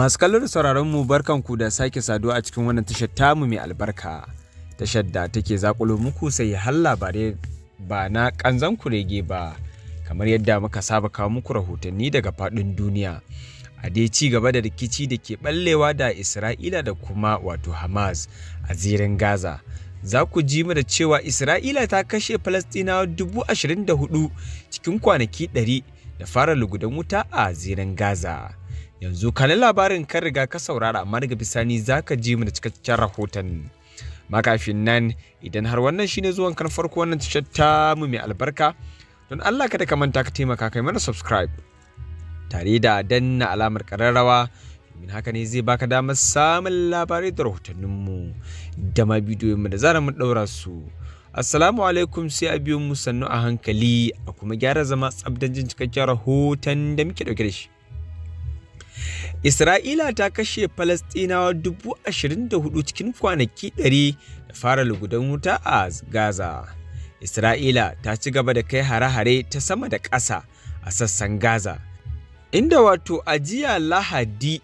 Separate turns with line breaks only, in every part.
Masu kallon sauraron mu barkanku da sake saduwa a cikin wannan tashar tamu mai albarka. Tashar da take zakulo muku sai har labarai ba na kanzan kurege ba kamar yadda muka saba kawo muku rahotanni daga faɗin duniya. A dai ci gaba da rikici da ke ɓallewa da Isra'ila da kuma wato Hamas a zirin Gaza. za ku ji mu da cewa Isra'ila ta kashe Falastinawa dubu ashirin da hudu cikin kwanaki ɗari da fara lugudan wuta a zirin Gaza. yanzu kanin labarin kan riga ka saurara amma daga bisani za ka ji mu da cikakken rahoton makafin nan idan har wannan shine zuwan kan farko wannan tashar ta mu mai albarka don Allah kada ka manta ka taimaka kai mana subscribe tare da danna alamar kararrawa domin haka ne zai baka damar samun labarai da mu da ma mu da za mu ɗaura su assalamu alaikum sai a biyo mu sannu a hankali a kuma gyara zama tsabdan jin cikakken rahoton da muke ɗauke da shi Isra'ila ta kashe falasɗinawa dubu ashirin da hudu cikin kwanaki ɗari da fara lugudan wuta a Gaza. Isra'ila ta ci gaba da kai hare-hare ta sama da ƙasa a sassan Gaza, inda wato ajiya Lahadi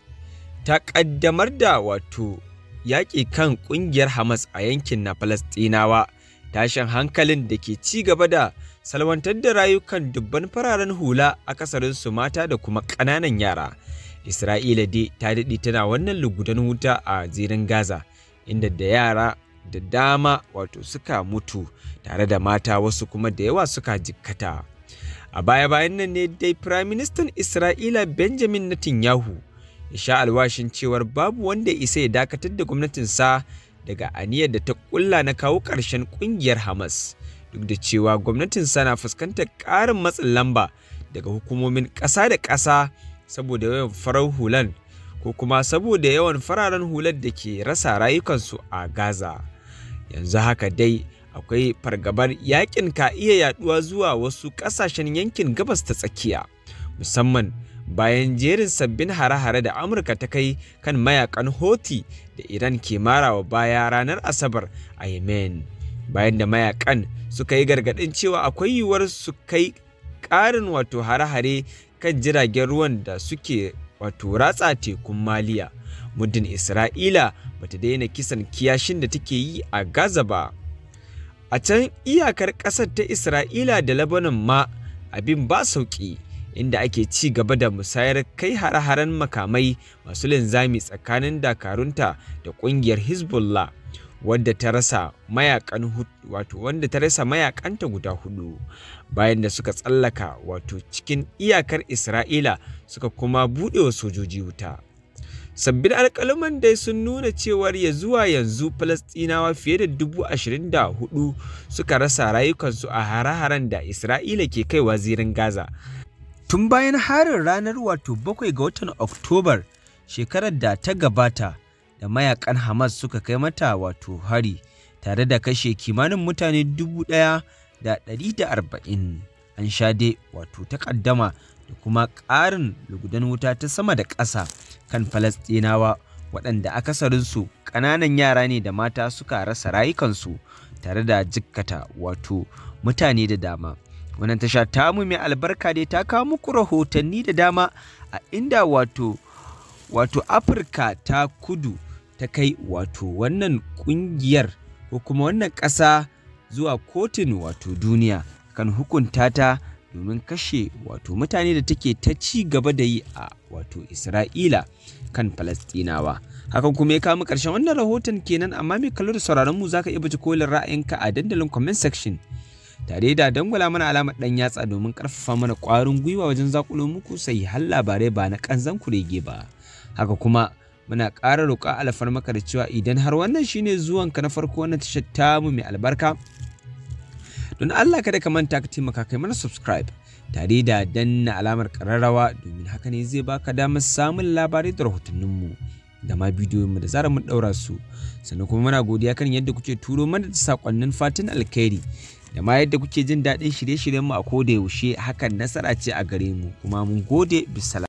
ta ƙaddamar da wato yaƙi kan ƙungiyar Hamas a yankin na falasɗinawa tashin hankalin da ke ci gaba da salwantar da rayukan dubban fararen hula a kasarinsu mata da kuma ƙananan yara. Isra'ila dai ta daɗe tana wannan lugudan wuta a zirin Gaza inda da yara da dama wato suka mutu tare da mata wasu kuma da yawa suka jikkata. A baya-bayan nan ne dai Firaministan Isra'ila Benjamin Netanyahu ya sha alwashin cewar babu wanda isa ya dakatar da gwamnatinsa daga aniyar da ta kulla na kawo ƙarshen ƙungiyar Hamas duk da cewa gwamnatinsa na fuskantar ƙarin matsin lamba daga hukumomin ƙasa da ƙasa saboda yawan farar hulan ko kuma saboda yawan fararen hular da ke rasa rayukansu a Gaza. Yanzu haka dai akwai fargabar yakin ka iya yaduwa zuwa wasu kasashen yankin gabas ta tsakiya, musamman bayan jerin sabbin hare-hare da Amurka ta kai kan mayakan Houthi da Iran ke marawa baya ranar Asabar a Yemen. Bayan da mayakan suka yi gargaɗin cewa akwai yiwuwar su kai ƙarin wato hare-hare kan jiragen ruwan da suke wato ratsa tekun maliya muddin isra'ila bata daina kisan kiyashin da take yi a gaza ba a can iyakar ƙasar ta isra'ila da labanin ma abin ba sauƙi inda ake ci gaba da musayar kai hare-haren makamai masu linzami tsakanin dakarunta da ƙungiyar hezbollah wadda ta rasa mayakan wato wanda ta rasa mayakanta guda hudu bayan da suka tsallaka wato cikin iyakar Isra'ila suka kuma buɗewa sojoji wuta. Sabbin alƙaluman dai sun nuna cewar ya zuwa yanzu Falastinawa fiye da dubu ashirin da hudu suka rasa rayukansu a hare-haren da Isra'ila ke kaiwa zirin Gaza. Tun bayan harin ranar wato bakwai ga watan Oktobar shekarar da ta gabata da mayakan Hamas suka kai mata wato hari tare da kashe kimanin mutane dubu ɗaya da ɗari da arba'in. An sha wato takaddama da kuma ƙarin lugudan wuta ta sama da ƙasa kan Falasɗinawa waɗanda akasarinsu ƙananan yara ne da mata suka rasa rayukansu tare da jikkata wato mutane da dama. Wannan tasha ta mu mai albarka dai ta kawo muku rahotanni da dama a inda wato wato Afirka ta kudu ta kai wato wannan kungiyar ko kuma wannan ƙasa zuwa kotun wato duniya kan hukunta ta domin kashe wato mutane da take ta ci gaba da yi a wato isra'ila kan falastinawa hakan kuma ya kama ƙarshen wannan rahoton kenan amma mai kallo da sauraron mu ka iya baje kolin ra'ayinka a dandalin comment section tare da dangwala mana alamar dan yatsa domin karfafa mana kwarin gwiwa wajen zakulo muku sai har labarai ba na kanzan kurege ba haka kuma muna ƙara roƙa maka da cewa idan har wannan shine zuwanka na farko na tashar mu mai albarka don Allah kada ka manta ka taimaka kai mana subscribe tare da danna alamar ƙararrawa domin haka ne zai baka damar samun labarai da rahotanninmu da ma bidiyoyinmu da zara mun ɗaura su sannan kuma muna godiya kan yadda kuke turo mana da saƙonnin fatan alkhairi da ma yadda kuke jin daɗin shirye-shiryenmu a koda yaushe hakan nasara ce a gare mu kuma mun gode bisala